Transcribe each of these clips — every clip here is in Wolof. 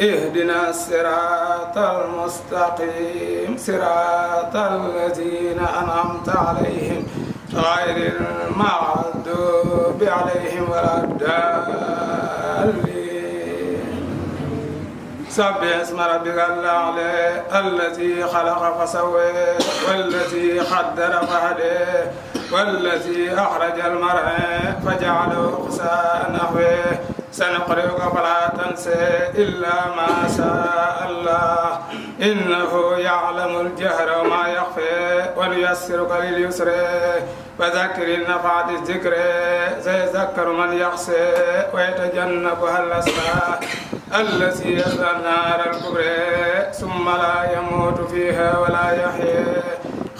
اهدنا الصراط المستقيم صراط الذين أنعمت عليهم غير المغضوب عليهم ولا الضالين سبح اسم ربك الأعلى الذي خلق فسوى والذي قدر فهدى والذي أخرج المرعى فجعله غثاء نحوه سنقرئك فلا تنسى إلا ما شاء الله إنه يعلم الجهر وما يخفي وليسرك لليسر وذكر النفعة الذكر سيذكر من يخشى ويتجنبها الأشقى الذي يصلى النار الكبرى ثم لا يموت فيها ولا يحيى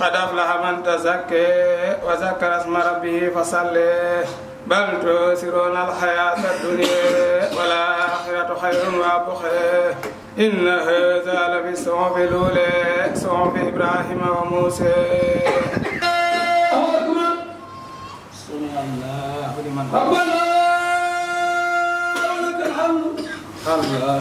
قد أفلح من تزكى وذكر اسم ربه فصلى بل تؤثرون الحياة الدنيا والآخرة خير وأبقى إن هذا لفي الصحف الأولى صحف إبراهيم وموسى سمع الله لمن ربنا ولك الحمد الله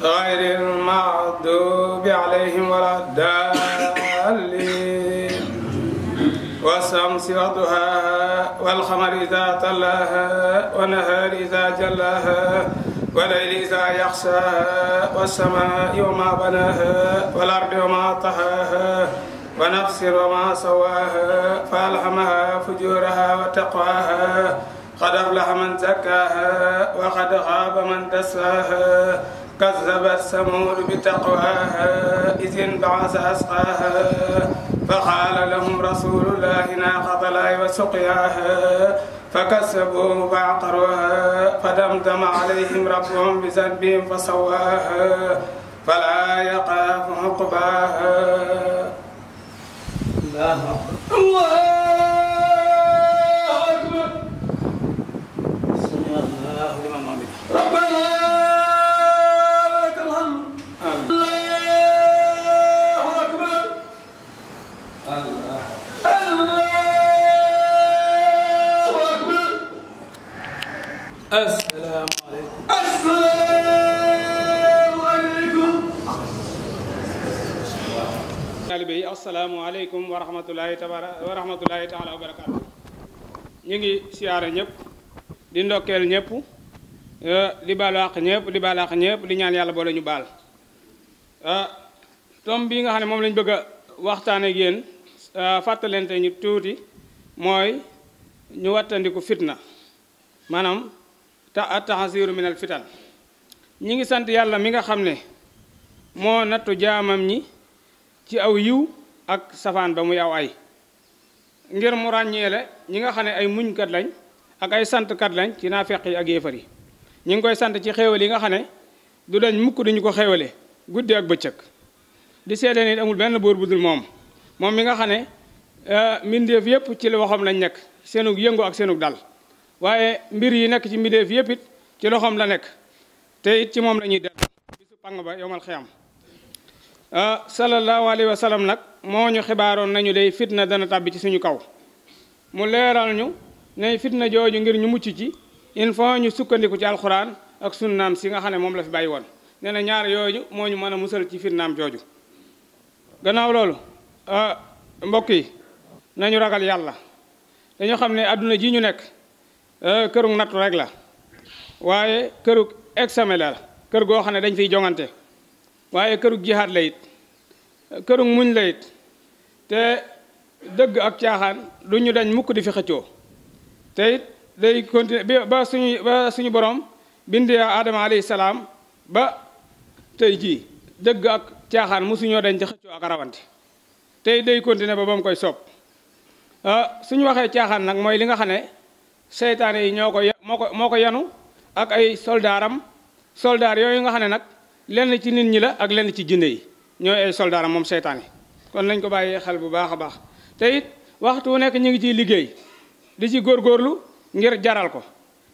غير المغضوب عليهم ولا الضالين والشمس وضحاها والقمر إذا طلاها والنهار إذا جلاها والليل إذا يغشاها والسماء وما بناها والأرض وما طحاها ونفس وما سواها فألهمها فجورها وتقواها قد أفلح من زكاها وقد خاب من دساها كذبت ثمود بتقواها إذ انبعث أسقاها فقال لهم رسول الله ناقة الله وسقياها فكسبوه فعقروها فدمدم عليهم ربهم بذنبهم فسواها فلا يخاف عقباها الله أكبر asalaamaaleykum asalaamaaleykum taalibe yi asalaamaaleykum wa barakaatu ñu ngi siyaara ñëpp di ndokkeel ñëpp eh, di baal àq ñëpp di baal àq ñëpp di ñaan yàlla boole ñu baal eh, tom bii nga xam ne moom lañ bëgg waxtaane waxtaan ak eh, fàttalente ñu tuuti mooy ñu wattandiku fitna maanaam ta tahasiru min al fitan ñi ngi sant yàlla mi nga xam ne moo nattu jaamam ñi ci aw yiw ak safaan ba muy aw ay ngir mu ràññeele ñi nga xam ne ay muñkat lañ ak ay santkat lañ ci naafeq yi ak yéefar yi ñi ngi koy sant ci xéewal yi nga xam ne du dañ mukk duñu ko xéewale guddi ak bëccëg di seede ni amul benn buur bu dul moom moom mi nga xam ne eh, mbindeef yépp ci loxoom lañ nekk seenug yëngu ak seenug dal waaye mbir yi nekk ci mbindeef yëpp it ci loxoom la nekk te it ci moom la ñuy dellu bisu pang ba yowmal xiyam ah, sallallahu alayhi wa sallam nag moo ñu xibaaroon nañu day fitna dana tàbbi ci suñu kaw mu leeral ñu ne fitna jooju ngir ñu mucc ci il faut ñu sukkandiku ci alxuraan ak sunnaam si nga xam ne moom la fi bàyyi woon nee na ñaar yooyu moo ñu mën a musal ci fitnaam jooju gannaaw loolu ah, mbokk yi nañu ragal yàlla dañoo xam ne àdduna ji ñu nekk Euh, këru nattu rek la waaye kërug examen kër goo xam ne dañ fiy jongante waaye këru jihaat la it kërug muñ la te dëgg ak caaxaan du ñu dañ mukk di fi xëccoo te it day continuer ba suñu ba suñu borom bindee aadama alayhi salaam ba tey jii dëgg ak caaxaan mosuñoo dañ ci xëccoo ak rawante tey day continuer ba ba mu koy sopp euh, suñu waxee caaxaan nag mooy li nga xam ne seytaane yi ñoo ko moo ko moo ko yanu ak ay soldaaram soldaar yooyu nga xam ne nag lenn ci nit ñi la ak lenn ci jinne yi ñooy ay soldaaram moom seytaane kon lañ ko bàyyee xel bu baax a baax te it waxtu wu nekk ñu ngi ciy liggéey di ci góorgóorlu ngir jaral ko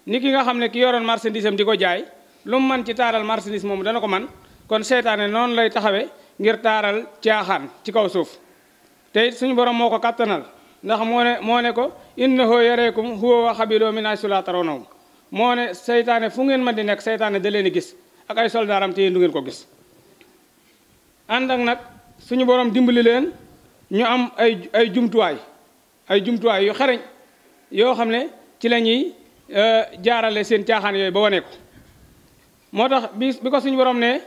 ni ki nga xam ne ki yoroon marchandise am di ko jaay lu mu man ci taaral marchandise moomu dana ko man kon seytaane noonu lay taxawee ngir taaral caaxaan ci kaw suuf te it suñu moo ko kattanal ndax moo ne moo ne ko innahu yareekum huwa wa xabiloo min haysu laa moo ne seytaane fu ngeen mën di nekk seytaane da leen di gis ak ay soldaaram te yéen du ngeen ko gis ànd ak nag suñu borom dimbali leen ñu am ay ay jumtuwaay ay jumtuwaay yu xarañ yoo xam ne ci la ñuy euh, jaarale seen caaxaan yooyu ba wane ko moo tax bi bi ko suñu borom ne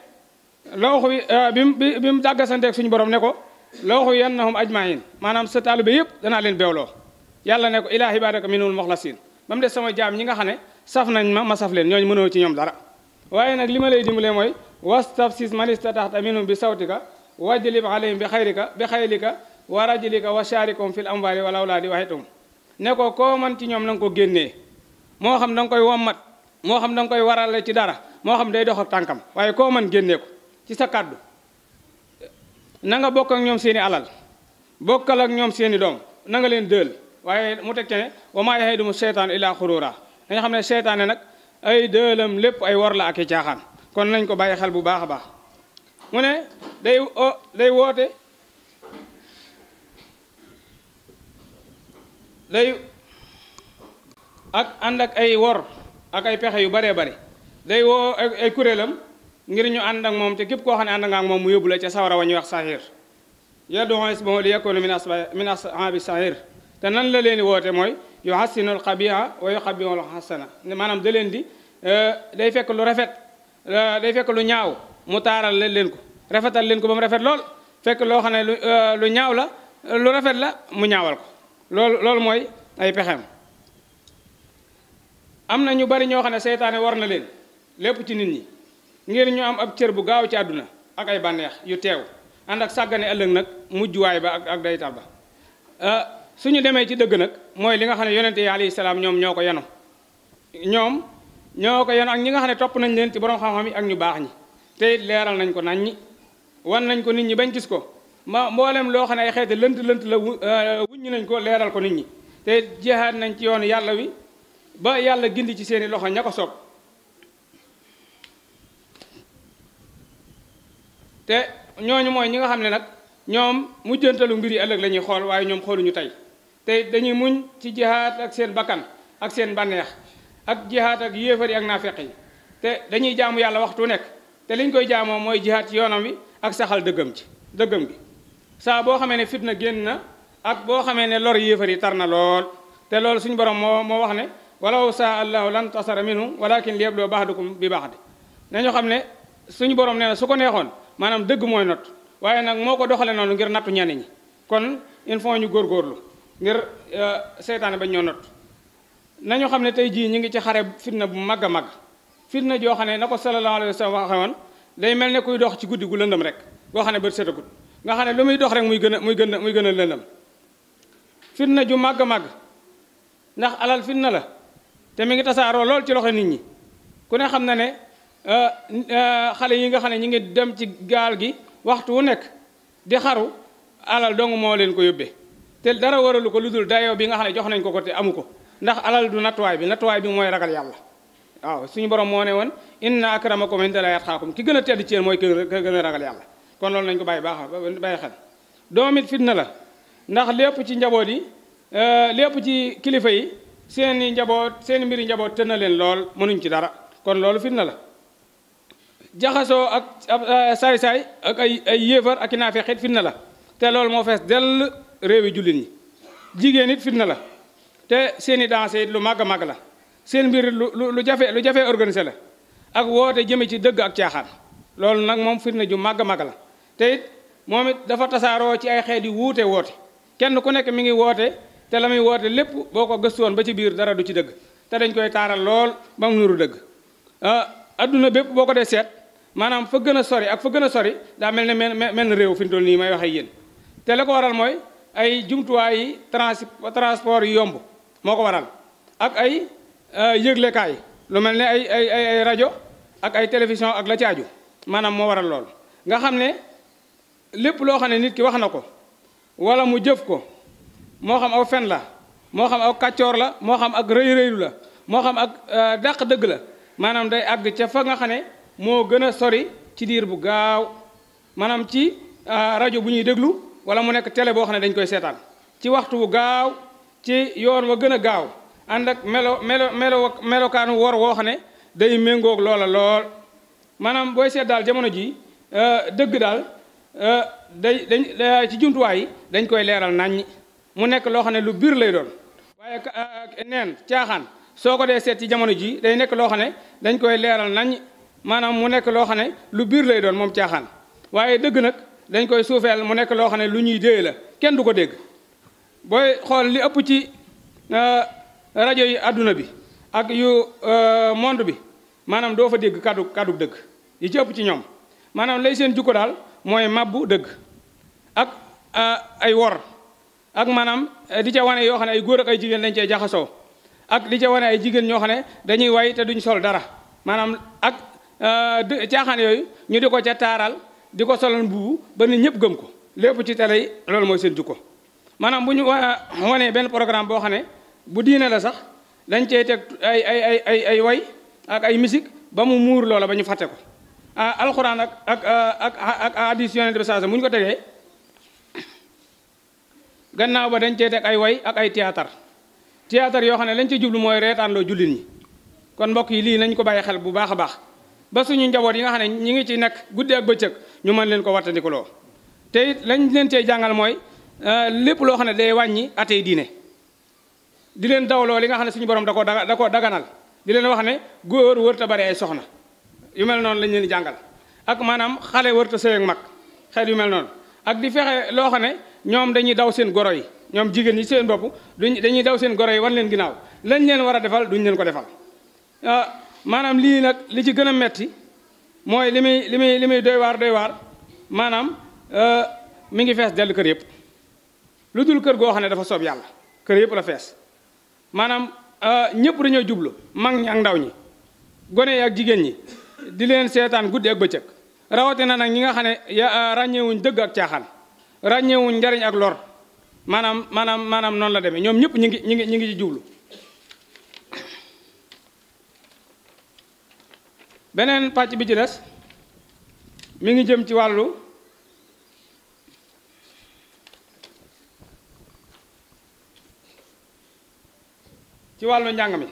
looxu bi euh, bi bi mu tàggasanteeg suñu borom ne ko looxu yannahum ajmain maanaam sa taalibe yëpp danaa leen beewloo yàlla ne ko ilaa ibadaka minul moxlasin ba mu des sama jaam ñi nga xam ne saf nañ ma ma saf leen ñooñu mënoo ci ñoom dara waaye nag li ma lay dimbalee mooy wastafsis man istataxta minhum bi sawtika wajlib alayhim bi xayrika bi xaylika wa rajlika wa sharikum fil amwali wal awlaadi waxitum ne ko koo man ci ñoom na nga ko génnee moo xam da nga koy wommat moo xam da nga koy warale ci dara moo xam day dox tànkam waaye koo man génnee ko ci sa kàddu na nga bokk ak ñoom seeni i alal bokkal ak ñoom seeni doom na nga leen dël waaye mu teg te ne wa maa ya'iduhumu seytaanu illaa xuruura dañu xam ne seytaane nag ay dëlam lépp ay war la ak i caaxaan kon nañ ko bàyyi xel bu baax a baax mu ne day woote day ak ànd ak ay wor ak ay pexe yu baree bari day woo kuréelam ngir ñu ànd ak moom te képp koo xam ne ànd nga moom mu yóbbu la ca sawara wa ñuy wax sahir yad'u hizbahu liyakunu min ashabi te nan la leen di woote mooy yuhassinu al-qabiha wa yuqabbihu al-hasana maanaam da leen di euh, day fekk lu rafet euh, day fekk lu ñaaw mu taaral leen ko rafetal leen ko ba mu rafet lool fekk loo xam ne euh, lu ñaaw la lu rafet la mu ñaawal ko loolu loolu mooy ay pexeem am na ñu bari ñoo xam ne seytaane war na leen lépp ci nit ñi ngir ñu am ab cër bu gaaw ci àdduna ak ay bànneex yu teew ànd ak sàggane ëllëg nag mujjuwaay ba ak ak day tar euh, suñu demee ci dëgg nag mooy li nga xam ne yonente yi alayhi salaam ñoom ñoo ko yenu ñoom ñoo ko yenu ak ñi nga xam ne topp nañ leen ci borom xam-xam yi ak ñu baax ñi te leeral nañ ko nañ wan nañ ko nit ñi bañ gis ko ma mboolem loo xam ne ay xeeti lënt lënt la euh, wuññi nañ ko leeral ko nit ñi te jihaad nañ ci yoon yàlla wi ba yàlla gindi ci seeni loxo ña ko soog te ñooñu mooy ñi nga xam ne nag ñoom mujjantalu mbir yi ëllëg la ñuy xool waaye ñoom xooluñu tey te dañuy muñ ci jihaad ak seen bakkan ak seen bànneex ak jihaad ak yéefar yi ak naafeq yi te dañuy jaamu yàlla waxtu nekk te liñ koy jaamoo mooy jihaad ci yoonam wi ak saxal dëggam ci dëggam gi saa boo xamee ne fitna génn na ak boo xamee ne lor yéefar yi tar na lool te loolu suñu borom moo moo wax ne walaw saa allahu lan tasara minhum walakin liyabluwa baxdakum bi baxdi nañu xam ne suñu borom na su ko neexoon maanaam dëgg mooy not waaye nag moo ko doxale noonu ngir nattu ñenn ñi kon il faut ñu góorgóorlu ngir euh, seytaane bañ ñoo not nañu xam ne tey jii ñu ngi ci xare fitna bu mag a mag fitna joo xam ne na ko sallallahu alayhi wa sallam waxe mel ne kuy dox ci guddi gu lëndëm rek goo xam ne bët setagut nga xam ne lu muy dox rek muy gën a muy gën a muy gën a lëndëm fitna ju màgg a màgg ndax alal fitna la te mi ngi tasaaroo lool ci loxo nit ñi ku ne xam na ne Euh, euh, xale yi nga xam ne ñu ngi dem ci gaal gi waxtu wu nekk di xaru alal dong moo leen ko yóbbee te dara waralu ko lu dul dayoo bi nga xam ne jox nañ ko ko te amu ko ndax alal du nattuwaay bi nattuwaay bi mooy ragal yàlla waaw suñu borom moo ne woon inna akramakum indallaahi atqaakum ki gën a tedd ci yéen mooy ki gën a ragal yàlla kon loolu nañ ko bàyyi baax bàyyi xel doomit fitna la ndax lépp ci njaboot yi euh, lépp ci kilifa yi seeni njaboot seen mbiri njaboot tën na leen lool mënuñ ci dara kon loolu fitna la jaxasoo ak euh, saay-saay ak ay ay yéefar ak i naafeq fitna la te loolu moo fees dell réewi jullit ñi jigéen it fitna la te seen i danse lu màgg a la seen mbir lu lu jafe lu jafe organisé la ak woote jëme ci dëgg ak caaxaan loolu nag moom fitna ju màgg a màgg la te moom it dafa tasaaroo ci ay xeet yu wuute woote kenn ku nekk mi ngi woote te la muy woote lépp boo ko gëstu woon ba ci biir dara du ci dëgg te dañ koy taaral lool bam nuru dëgg euh, adduna bépp boo ko dee seet maanaam fa gën a sori ak fa gën a sori daa mel ne mel na réew fi mu toll nii may wax ak yéen te la ko waral mooy ay jumtuwaay yi transport yu yomb moo ko waral ak ay euh, yëglekaay lu mel ne ay ay ay rajo ak ay télévision ak la caaju maanaam moo waral lool nga xam ne lépp loo xam ne nit ki wax na ko wala mu jëf ko moo xam aw fen la moo xam aw kàccoor la moo xam ak rëy rëylu la moo xam ak euh, dàq dëgg la maanaam day àgg ca fa nga xam ne moo gën a sori ci diir bu gaaw maanaam ci euh, rajo bu ñuy déglu wala mu nekk télé boo xam ne dañ koy seetaan ci waxtu bu gaaw ci yoon wa gën a gaaw ànd ak melo melo melo melokaanu wor woo xam ne day méngoog loola lool maanaam booy seet daal jamono ji euh, dëgg daal euh, day dañ ci jumtuwaay yi dañ koy leeral naññ mu nekk loo xam ne lu biir lay doon waaye neen caaxaan soo ko dee seet ci jamono ji day nekk loo xam ne dañ koy leeral naññ maanaam mu nekk loo xam ne lu biir lay doon moom caaxaan waaye dëgg nag dañ koy suufeel mu nekk loo xam ne lu ñuy déy la kenn du ko dégg booy xool li ëpp ci euh, rajo yi àdduna bi ak yu euh, monde bi maanaam doo fa dégg kàddu kaddu dëgg yi ci ëpp ci ñoom maanaam lay seen jukko daal mooy màbbu dëgg ak euh, ay wor ak maanaam di ca wane yoo xam ne ay góor ak ay jigéen lañ cee jaxasoo ak di ca wane ay jigéen ñoo xam ne dañuy way te duñ sol dara maanaam ak Euh, caaxaan yooyu ñu di ko ca taaral di ko solon buubu ba nit ñëpp gëm ko lépp ci télé yi loolu mooy seen ko maanaam bu ñu wanee benn programme boo xam ne bu diine la sax dañ cee teg ay ay ay ay ay way ak ay musique ba mu muur loola ba ñu fàtte ko ah, alxuraan ak ak euh, ak ak hadis yonent bi saasa bu ko tegee gannaaw ba dañ cey teg ay way ak ay théâtre théâtre yoo xam ne lañ ci jublu mooy reetaanloo jullit ñi kon mbokk yi lii nañ ko bàyyi xel bu baax a baax ba suñu njaboot yi nga xam ne ñi ngi ci nekk guddi ak bëccëg ñu mën leen ko wattandikuloo te it lañ leen tey jàngal mooy euh, lépp loo xam ne day wàññi atey diine di leen dawloo li nga xam ne suñu borom da koo da koo daganal di leen wax ne góor wërta bari ay soxna yu mel noonu lañ leen di jàngal ak maanaam xale wërta sëy ak mag xeet yu mel noonu ak di fexe loo xam ne ñoom dañuy daw seen goro yi ñoom jigéen ñi seen bopp duñ dañuy daw seen goro yi wan leen ginnaaw lañ leen war a defal duñ leen ko defal euh, maanaam lii nag li ci gën a metti mooy li muy li muy li muy doy waar doy waar maanaam euh, mi ngi fees dell kër yëpp lu dul kër goo xam ne dafa soob yàlla kër yëpp la fees maanaam euh, ñëpp dañoo jublu mag ñi ak ndaw ñi gone yi ak jigéen ñi di leen seetaan guddi ak bëccëg rawatina nag ñi nga xam ne euh, ràññeewuñ dëgg ak caaxaan ràññeewuñ njariñ ak lor maanaam maanaam maanaam noon la deme ñoom ñëpp ñu ngi ñu ngi ñu ngi ci jublu beneen pàcc bi ci des mi ngi jëm ci wàllu ci wàllu njàng mi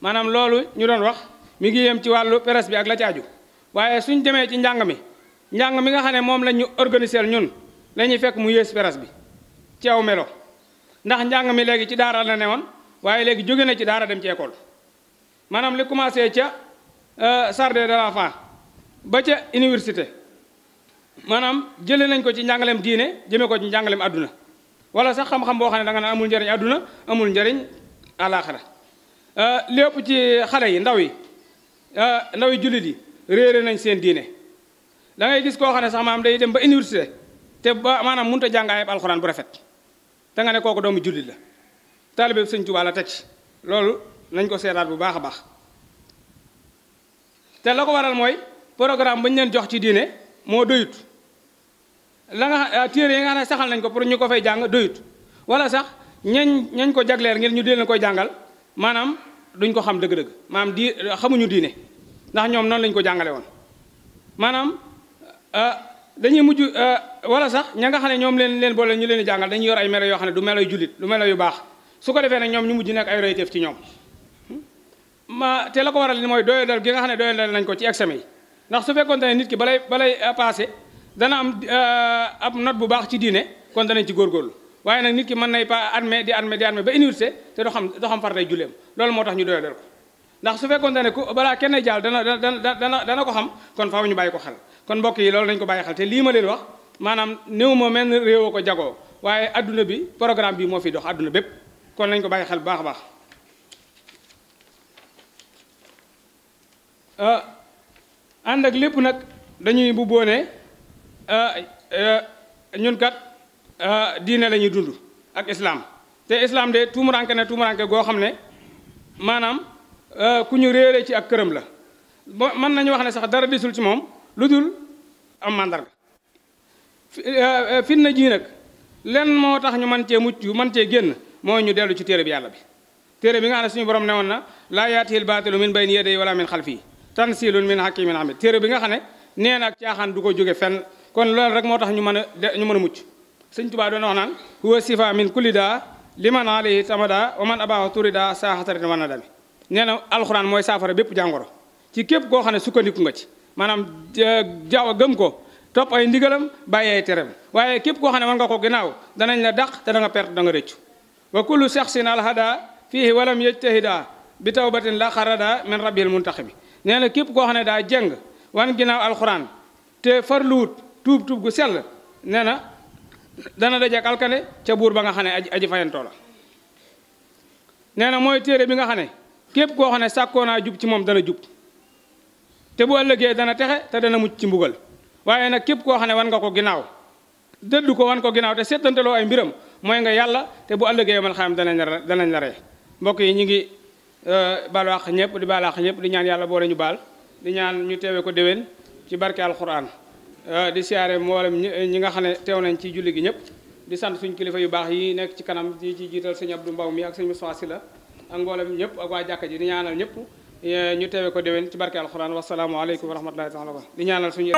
maanaam loolu ñu doon wax mi ngi yëm ci wàllu presse bi ak la ci aju waaye suñ demee ci njàng mi njàng mi nga xam ne moom la ñu organiser ñun lañuy fekk mu yées presse bi ci aw melo ndax njàng mi léegi ci daara la ne woon waaye léegi jóge na ci daara dem ci école maanaam li commencé ca Sardé euh, de la Fa ba ca université maanaam jëlee nañ ko ci njàngalem diine jëmee ko ci njàngaleem àdduna wala sax xam-xam boo xam ne danga naan amul njëriñ àdduna amul njëriñ àlaaxira euh, lépp ci xale yi ndaw yi euh, ndaw yi jullit yi réere nañ seen diine da ngay gis koo xam ne sax maanaam day dem ba université te ba maanaam mënut a jàng ayib alxuraan bu rafet te nga ne kooku doomu jullit la taalibe Sëñ Tuubaa la teg loolu nañ ko seetaat bu baax a baax. te la ko waral mooy programme ba ñu leen jox ci diine moo doyut la nga téere yi nga xam ne saxal nañ ko pour ñu ko fay jàng doyut wala sax ñañ ñañ ko jagleer ngir ñu di leen koy jàngal maanaam duñ ko xam dëgg-dëgg maanaam di xamuñu diine ndax ñoom noonu lañ ko jàngale woon maanaam euh, dañuy mujj euh, wala sax ña nga xam ne ñoom leen leen boole ñu leen jàngal dañuy yor ay melo yoo xam ne du melo yu jullit du melo yu baax su ko defee nag ñoom ñu mujj nekk ay royteef ci ñoom ma te la ko waral ni mooy doyadal gi nga xam ne doyadal nañ ko ci examen yi ndax su fekkoon ne nit ki balay balay euh, dana am euh, ab bu baax ci diine kon danañ ci góorgóorlu waaye nag nit ki man nay pa admet di admet di admet ba université te doo xam doo xam far day julleem loolu moo tax ñu doyadal ko ndax su fekkoon ne ku balaa kenn jaal dana dana dana dana ko xam kon faaw ñu bàyyi ko xel kon mbokk yi loolu nañ ko bàyyi xel te lii ma leen wax maanaam new ma mel réewoo ko jagoo waaye adduna bi programme bi moo fi dox adduna bépp kon nañ ko bàyyi xel bu baax a Euh, ànd ak lépp nag dañuy bu boone euh, euh, ñun kat diine la dund ak islam te islam de tuumuranke ne tuumuranke goo xam ne maanaam ku ñu réere ci ak këram la ba mën nañu wax ne sax dara desul ci moom lu dul am màndarga fitna jii nag lenn moo tax ñu mën cee mucc mën cee génn mooy ñu dellu ci téere bi yàlla bi téere bi nga xam ne suñu borom ne woon na laa yaatihil baatilu min bayni yadayhi wala min fii tansilun min hakimin hamid téere bi nga xam ne nee na ak caaxaan du ko jóge fenn kon loolu rek moo tax ñu mën a ñu mën a mucc sëñ Tuubaa doon wax naan huwa sifa min kulli daa liman alayhi tamada wa man abahu turida saaxatarin wan na dami nee na alxuraan mooy saafara bépp jàngoro ci képp koo xam ne sukkandiku nga ci maanaam jaaw a gëm ko topp ay ndigalam bàyyi ay teram waaye képp koo xam ne war nga ko ginnaaw danañ la dàq te da nga perte da nga rëccu wa kullu shaxsin alhada fihi walam yajtahida bi tawbatin la xarada min rabbil muntaxibi nee na képp koo xam ne daa jeng wan ginnaaw alxuraan te farluwut tuub tuub gu sell nee na dana dajeek alkande ca buur ba nga xam ne aj aji fayantoo la nee na mooy téere bi nga xam ne képp koo xam ne sàkkoo naa jub ci moom dana jub te bu ëllëgee dana texe te dana mucc ci mbugal waaye nag képp koo xam ne wan nga ko ginnaaw dëddu ko wan ko ginnaaw te settantaloo ay mbiram mooy nga yàlla te bu ëllëgee man dana danañ la danañ la ngi Euh, baal wax ñëpp di baal ñëpp di ñaan yàlla boole ñu baal di ñaan ñu teewee ko déwén ci barke alxuraan euh, di siyaare mboole ñi nga xam ne teew nañ ci julli gi ñëpp di sant suñ kilifa yu baax yi nekk ci kanam di ci jiital sëñ Abdou Mbaw mi ak sëñ Moussa Sylla ak mboolem ñëpp ak waa jàkka ji di ñaanal ñëpp euh, ñu teewee ko déwén ci barke alxuraan wasalaamualeykum wa rahmatullahi taala di ñaanal suñu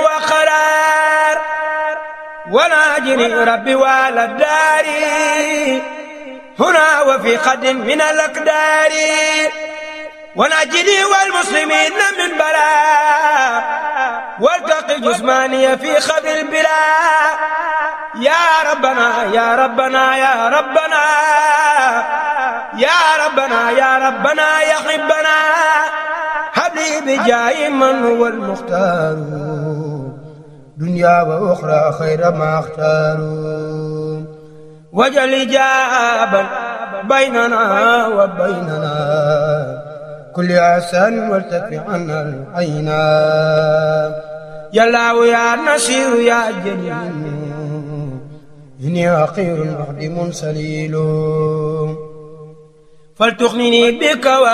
وناجني ربي ولا داري هنا وفي قد من الأقدار ونجني والمسلمين من بلاء والتقي جسماني في خبر بلا يا ربنا يا ربنا يا ربنا يا ربنا يا ربنا يا حبنا هب لي بجاي من هو المختار دنيا وأخرى خير ما اختاروا وجل إجابا بيننا وبيننا كل عسان وارتفع عنا العينا يا الله يا نصير يا جليل إني أخير معدم سليل فلتغنني بك